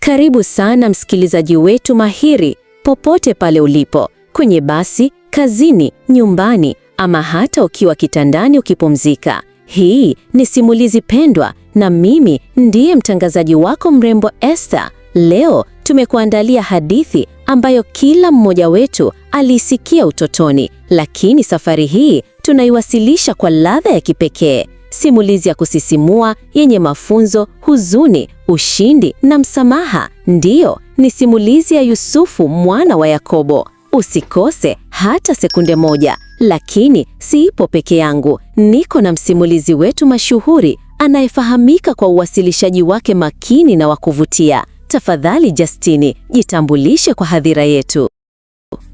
Karibu sana msikilizaji wetu mahiri, popote pale ulipo, kwenye basi, kazini, nyumbani, ama hata ukiwa kitandani ukipumzika. Hii ni simulizi pendwa, na mimi ndiye mtangazaji wako mrembo Esther. Leo tumekuandalia hadithi ambayo kila mmoja wetu aliisikia utotoni, lakini safari hii tunaiwasilisha kwa ladha ya kipekee. Simulizi ya kusisimua yenye mafunzo, huzuni, ushindi na msamaha. Ndiyo, ni simulizi ya Yusufu mwana wa Yakobo. Usikose hata sekunde moja. Lakini siipo peke yangu, niko na msimulizi wetu mashuhuri anayefahamika kwa uwasilishaji wake makini na wa kuvutia. Tafadhali Justini, jitambulishe kwa hadhira yetu.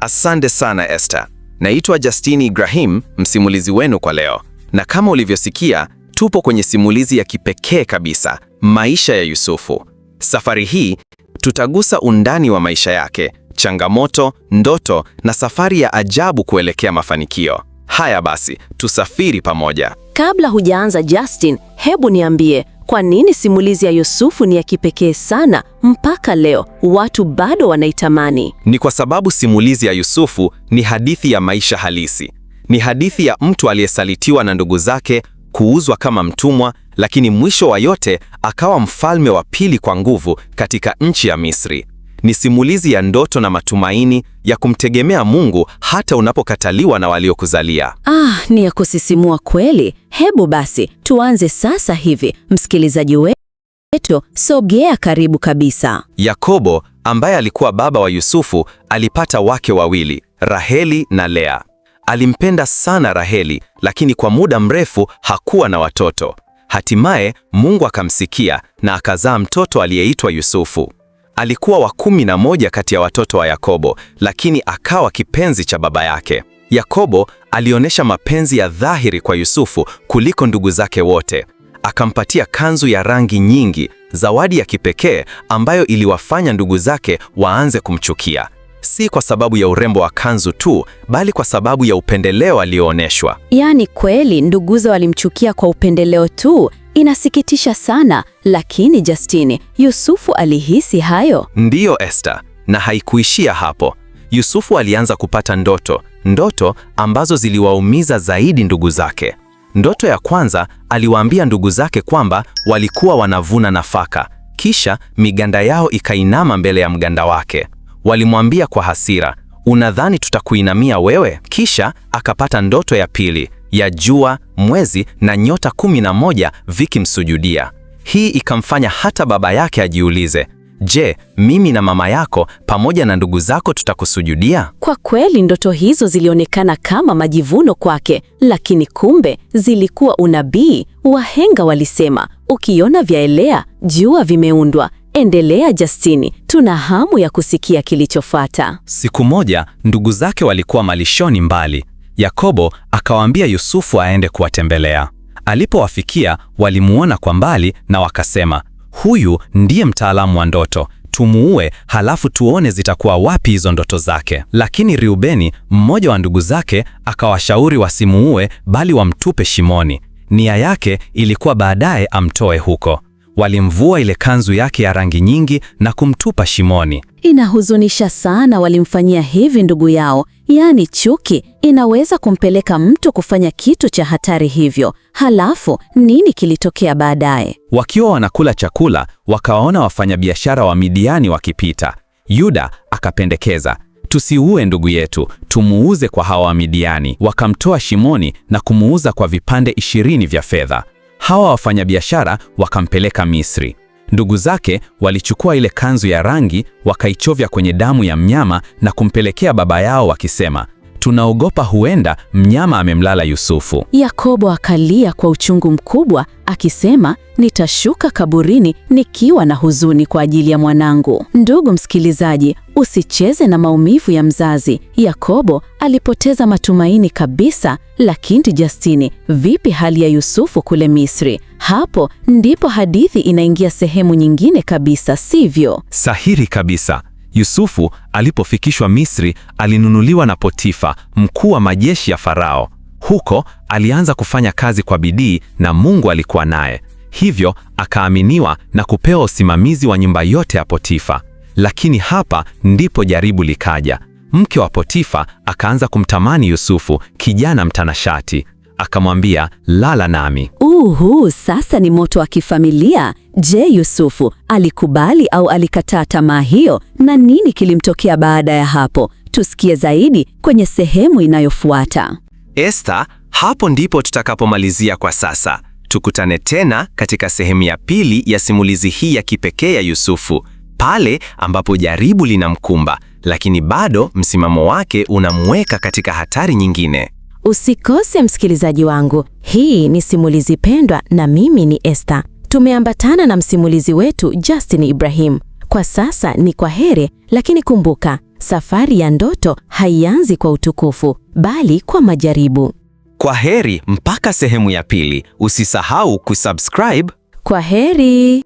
Asante sana Esther. Naitwa Justini Ibrahim, msimulizi wenu kwa leo, na kama ulivyosikia Tupo kwenye simulizi ya kipekee kabisa, maisha ya Yusufu. Safari hii tutagusa undani wa maisha yake, changamoto, ndoto na safari ya ajabu kuelekea mafanikio. Haya basi, tusafiri pamoja. Kabla hujaanza Justin, hebu niambie, kwa nini simulizi ya Yusufu ni ya kipekee sana mpaka leo watu bado wanaitamani? Ni kwa sababu simulizi ya Yusufu ni hadithi ya maisha halisi. Ni hadithi ya mtu aliyesalitiwa na ndugu zake, kuuzwa kama mtumwa, lakini mwisho wa yote akawa mfalme wa pili kwa nguvu katika nchi ya Misri. Ni simulizi ya ndoto na matumaini ya kumtegemea Mungu hata unapokataliwa na waliokuzalia. Ah, ni ya kusisimua kweli. Hebu basi tuanze sasa hivi, msikilizaji wetu, sogea karibu kabisa. Yakobo ambaye alikuwa baba wa Yusufu alipata wake wawili, Raheli na Lea. Alimpenda sana Raheli, lakini kwa muda mrefu hakuwa na watoto. Hatimaye Mungu akamsikia na akazaa mtoto aliyeitwa Yusufu. Alikuwa wa kumi na moja kati ya watoto wa Yakobo, lakini akawa kipenzi cha baba yake. Yakobo alionyesha mapenzi ya dhahiri kwa Yusufu kuliko ndugu zake wote. Akampatia kanzu ya rangi nyingi, zawadi ya kipekee ambayo iliwafanya ndugu zake waanze kumchukia si kwa sababu ya urembo wa kanzu tu, bali kwa sababu ya upendeleo alioonyeshwa. Yaani kweli nduguzo walimchukia kwa upendeleo tu. Inasikitisha sana, lakini Justine, Yusufu alihisi hayo. Ndiyo Esther, na haikuishia hapo. Yusufu alianza kupata ndoto, ndoto ambazo ziliwaumiza zaidi ndugu zake. Ndoto ya kwanza aliwaambia ndugu zake kwamba walikuwa wanavuna nafaka, kisha miganda yao ikainama mbele ya mganda wake. Walimwambia kwa hasira, unadhani tutakuinamia wewe? Kisha akapata ndoto ya pili ya jua, mwezi na nyota kumi na moja vikimsujudia. Hii ikamfanya hata baba yake ajiulize, je, mimi na mama yako pamoja na ndugu zako tutakusujudia? Kwa kweli ndoto hizo zilionekana kama majivuno kwake, lakini kumbe zilikuwa unabii. Wahenga walisema ukiona vyaelea jua vimeundwa. Endelea Justini, tuna hamu ya kusikia kilichofuata. Siku moja ndugu zake walikuwa malishoni mbali. Yakobo akawaambia Yusufu aende kuwatembelea. Alipowafikia walimuona kwa mbali na wakasema, huyu ndiye mtaalamu wa ndoto, tumuue, halafu tuone zitakuwa wapi hizo ndoto zake. Lakini Riubeni, mmoja wa ndugu zake, akawashauri wasimuue, bali wamtupe shimoni. Nia yake ilikuwa baadaye amtoe huko. Walimvua ile kanzu yake ya rangi nyingi na kumtupa shimoni. Inahuzunisha sana walimfanyia hivi ndugu yao. Yaani chuki inaweza kumpeleka mtu kufanya kitu cha hatari hivyo. Halafu nini kilitokea baadaye? Wakiwa wanakula chakula, wakawaona wafanyabiashara wa Midiani wakipita. Yuda akapendekeza, tusiue ndugu yetu, tumuuze kwa hawa Wamidiani. Wakamtoa shimoni na kumuuza kwa vipande ishirini vya fedha. Hawa wafanyabiashara wakampeleka Misri. Ndugu zake walichukua ile kanzu ya rangi wakaichovya kwenye damu ya mnyama na kumpelekea baba yao wakisema, tunaogopa huenda mnyama amemlala Yusufu. Yakobo akalia kwa uchungu mkubwa akisema, nitashuka kaburini nikiwa na huzuni kwa ajili ya mwanangu. Ndugu msikilizaji, usicheze na maumivu ya mzazi. Yakobo alipoteza matumaini kabisa. Lakini Justini, vipi hali ya Yusufu kule Misri? Hapo ndipo hadithi inaingia sehemu nyingine kabisa, sivyo? Sahiri kabisa. Yusufu alipofikishwa Misri, alinunuliwa na Potifa, mkuu wa majeshi ya Farao. Huko alianza kufanya kazi kwa bidii na Mungu alikuwa naye. Hivyo akaaminiwa na kupewa usimamizi wa nyumba yote ya Potifa. Lakini hapa ndipo jaribu likaja. Mke wa Potifa akaanza kumtamani Yusufu, kijana mtanashati akamwambia lala nami. Uhu, sasa ni moto wa kifamilia. Je, Yusufu alikubali au alikataa tamaa hiyo, na nini kilimtokea baada ya hapo? Tusikie zaidi kwenye sehemu inayofuata. Esta, hapo ndipo tutakapomalizia kwa sasa. Tukutane tena katika sehemu ya pili ya simulizi hii ya kipekee ya Yusufu, pale ambapo jaribu linamkumba, lakini bado msimamo wake unamweka katika hatari nyingine. Usikose msikilizaji wangu, hii ni Simulizi Pendwa na mimi ni Esther. Tumeambatana na msimulizi wetu Justin Ibrahim. Kwa sasa ni kwa heri, lakini kumbuka, safari ya ndoto haianzi kwa utukufu, bali kwa majaribu. Kwa heri mpaka sehemu ya pili. Usisahau kusubscribe. Kwa heri.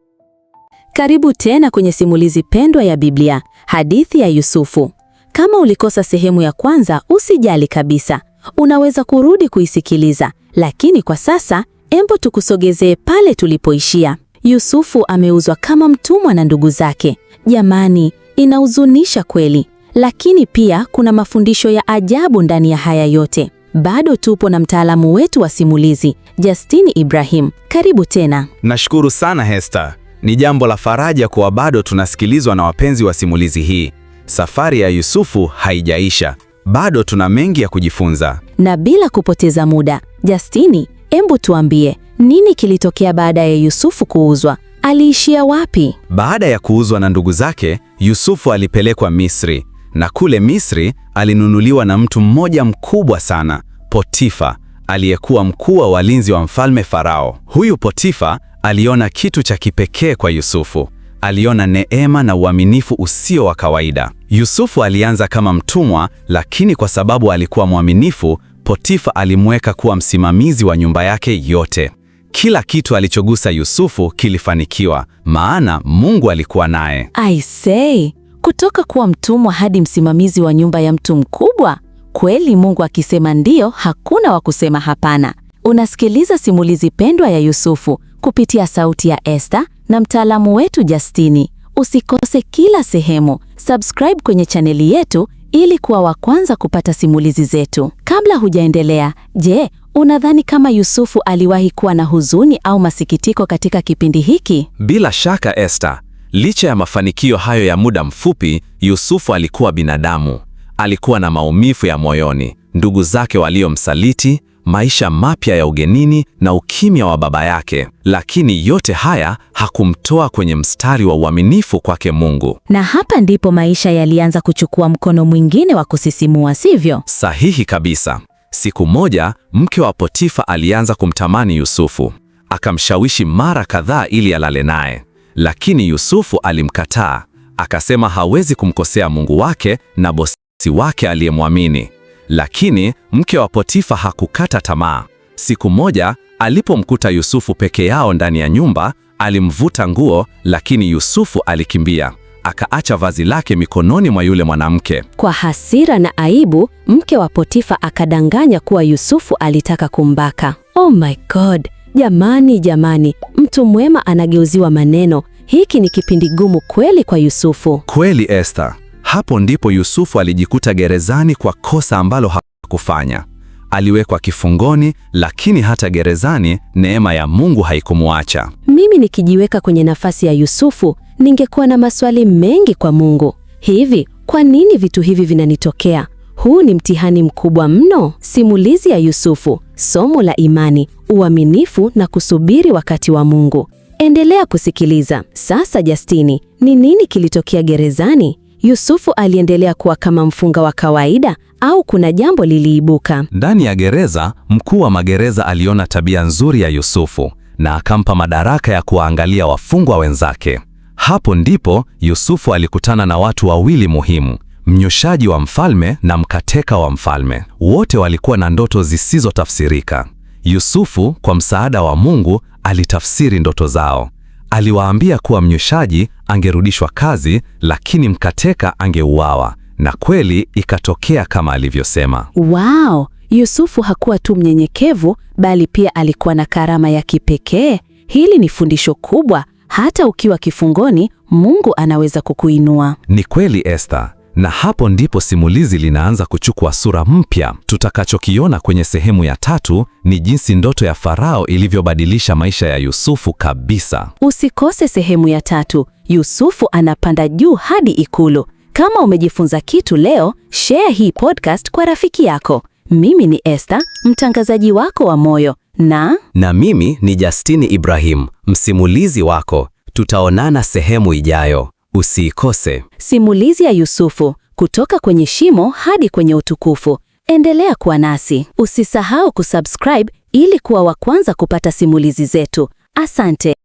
Karibu tena kwenye simulizi pendwa ya Biblia, hadithi ya Yusufu. Kama ulikosa sehemu ya kwanza, usijali kabisa unaweza kurudi kuisikiliza, lakini kwa sasa embo tukusogezee pale tulipoishia. Yusufu ameuzwa kama mtumwa na ndugu zake. Jamani, inahuzunisha kweli, lakini pia kuna mafundisho ya ajabu ndani ya haya yote. Bado tupo na mtaalamu wetu wa simulizi Justine Ibrahim. Karibu tena. Nashukuru sana heste Ni jambo la faraja kuwa bado tunasikilizwa na wapenzi wa simulizi hii. Safari ya Yusufu haijaisha bado tuna mengi ya kujifunza. Na bila kupoteza muda, Justini, embu tuambie nini kilitokea baada ya Yusufu kuuzwa? Aliishia wapi? Baada ya kuuzwa na ndugu zake, Yusufu alipelekwa Misri, na kule Misri alinunuliwa na mtu mmoja mkubwa sana, Potifa, aliyekuwa mkuu wa walinzi wa mfalme Farao. Huyu Potifa aliona kitu cha kipekee kwa Yusufu aliona neema na uaminifu usio wa kawaida. Yusufu alianza kama mtumwa, lakini kwa sababu alikuwa mwaminifu, Potifa alimweka kuwa msimamizi wa nyumba yake yote. Kila kitu alichogusa Yusufu kilifanikiwa, maana Mungu alikuwa naye. I say, kutoka kuwa mtumwa hadi msimamizi wa nyumba ya mtu mkubwa. Kweli Mungu akisema ndiyo, hakuna wa kusema hapana. Unasikiliza simulizi pendwa ya Yusufu kupitia sauti ya Esther na mtaalamu wetu Justini. Usikose kila sehemu. Subscribe kwenye chaneli yetu ili kuwa wa kwanza kupata simulizi zetu. Kabla hujaendelea, je, unadhani kama Yusufu aliwahi kuwa na huzuni au masikitiko katika kipindi hiki? Bila shaka Esther, licha ya mafanikio hayo ya muda mfupi, Yusufu alikuwa binadamu. Alikuwa na maumivu ya moyoni, ndugu zake waliomsaliti, maisha mapya ya ugenini na ukimya wa baba yake, lakini yote haya hakumtoa kwenye mstari wa uaminifu kwake Mungu. Na hapa ndipo maisha yalianza kuchukua mkono mwingine wa kusisimua, sivyo? Sahihi kabisa. Siku moja mke wa Potifa alianza kumtamani Yusufu, akamshawishi mara kadhaa ili alale naye, lakini Yusufu alimkataa, akasema hawezi kumkosea Mungu wake na bosi wake aliyemwamini. Lakini mke wa Potifa hakukata tamaa. Siku moja alipomkuta Yusufu peke yao ndani ya nyumba, alimvuta nguo, lakini Yusufu alikimbia, akaacha vazi lake mikononi mwa yule mwanamke. Kwa hasira na aibu, mke wa Potifa akadanganya kuwa Yusufu alitaka kumbaka. Oh my God! Jamani, jamani, mtu mwema anageuziwa maneno. Hiki ni kipindi gumu kweli kwa Yusufu. Kweli Esther. Hapo ndipo Yusufu alijikuta gerezani kwa kosa ambalo hakufanya. Aliwekwa kifungoni, lakini hata gerezani neema ya Mungu haikumuacha. Mimi nikijiweka kwenye nafasi ya Yusufu, ningekuwa na maswali mengi kwa Mungu. Hivi, kwa nini vitu hivi vinanitokea? Huu ni mtihani mkubwa mno. Simulizi ya Yusufu, somo la imani, uaminifu na kusubiri wakati wa Mungu. Endelea kusikiliza. Sasa Justini, ni nini kilitokea gerezani? Yusufu aliendelea kuwa kama mfunga wa kawaida au kuna jambo liliibuka? Ndani ya gereza, mkuu wa magereza aliona tabia nzuri ya Yusufu na akampa madaraka ya kuwaangalia wafungwa wenzake. Hapo ndipo Yusufu alikutana na watu wawili muhimu, mnyoshaji wa mfalme na mkateka wa mfalme. Wote walikuwa na ndoto zisizotafsirika. Yusufu, kwa msaada wa Mungu, alitafsiri ndoto zao. Aliwaambia kuwa mnyweshaji angerudishwa kazi, lakini mkateka angeuawa, na kweli ikatokea kama alivyosema. Wow, Yusufu hakuwa tu mnyenyekevu, bali pia alikuwa na karama ya kipekee. Hili ni fundisho kubwa. Hata ukiwa kifungoni, Mungu anaweza kukuinua. Ni kweli Esther. Na hapo ndipo simulizi linaanza kuchukua sura mpya. Tutakachokiona kwenye sehemu ya tatu ni jinsi ndoto ya Farao ilivyobadilisha maisha ya Yusufu kabisa. Usikose sehemu ya tatu. Yusufu anapanda juu hadi ikulu. Kama umejifunza kitu leo, share hii podcast kwa rafiki yako. Mimi ni Esther, mtangazaji wako wa Moyo, na na mimi ni Justini Ibrahim, msimulizi wako. Tutaonana sehemu ijayo. Usiikose simulizi ya Yusufu kutoka kwenye shimo hadi kwenye utukufu. Endelea kuwa nasi, usisahau kusubscribe ili kuwa wa kwanza kupata simulizi zetu. Asante.